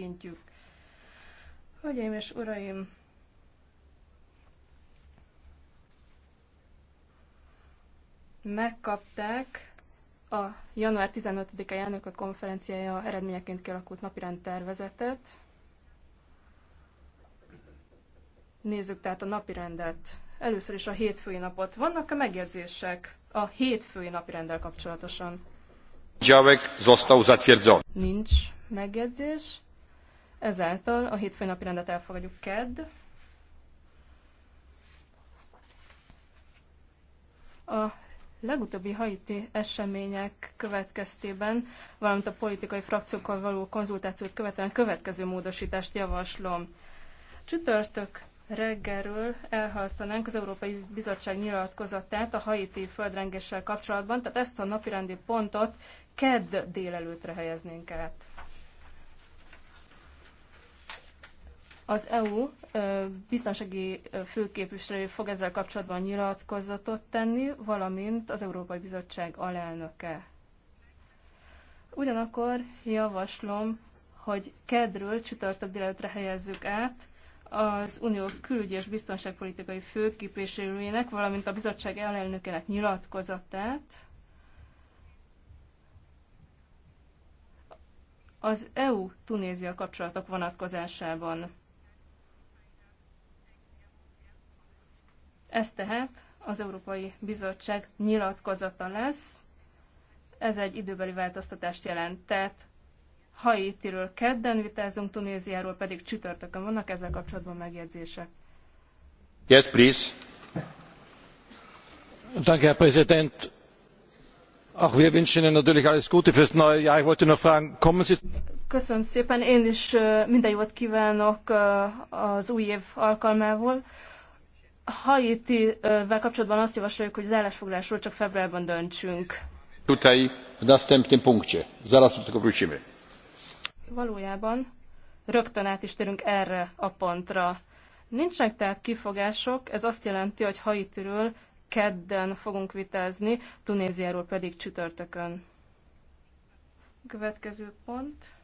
tekintjük. Hölgyeim és uraim, megkapták a január 15-e a konferenciája eredményeként kialakult napirend tervezetet. Nézzük tehát a napirendet. Először is a hétfői napot. Vannak-e megjegyzések a hétfői napirenddel kapcsolatosan? Nincs megjegyzés. Ezáltal a hétfői napi rendet elfogadjuk KED. A legutóbbi haiti események következtében, valamint a politikai frakciókkal való konzultációt követően következő módosítást javaslom. Csütörtök reggelről elhalasztanánk az Európai Bizottság nyilatkozatát a haiti földrengéssel kapcsolatban, tehát ezt a napirendi pontot kedd délelőtre helyeznénk át. Az EU biztonsági főképviselő fog ezzel kapcsolatban nyilatkozatot tenni, valamint az Európai Bizottság alelnöke. Ugyanakkor javaslom, hogy kedről csütörtök délelőtre helyezzük át az Unió külügyi és biztonságpolitikai főképviselőjének, valamint a bizottság alelnökének nyilatkozatát, az EU-Tunézia kapcsolatok vonatkozásában. Ez tehát az Európai Bizottság nyilatkozata lesz. Ez egy időbeli változtatást jelent. Tehát Haitiről kedden vitázunk, Tunéziáról pedig csütörtökön vannak ezzel kapcsolatban megjegyzések. Yes, please. Danke, Herr Präsident. Auch wir wünschen Ihnen natürlich alles Gute fürs neue Jahr. Ich wollte nur fragen, kommen Sie... Köszönöm szépen, én is minden jót kívánok az új év alkalmából. Haiti-vel kapcsolatban azt javasoljuk, hogy az állásfoglalásról csak februárban döntsünk. Tutaj w następnym punkcie. Zaraz do tego wrócimy. Valójában rögtön át is térünk erre a pontra. Nincsenek tehát kifogások, ez azt jelenti, hogy Haitiről kedden fogunk vitázni, Tunéziáról pedig csütörtökön. Következő pont.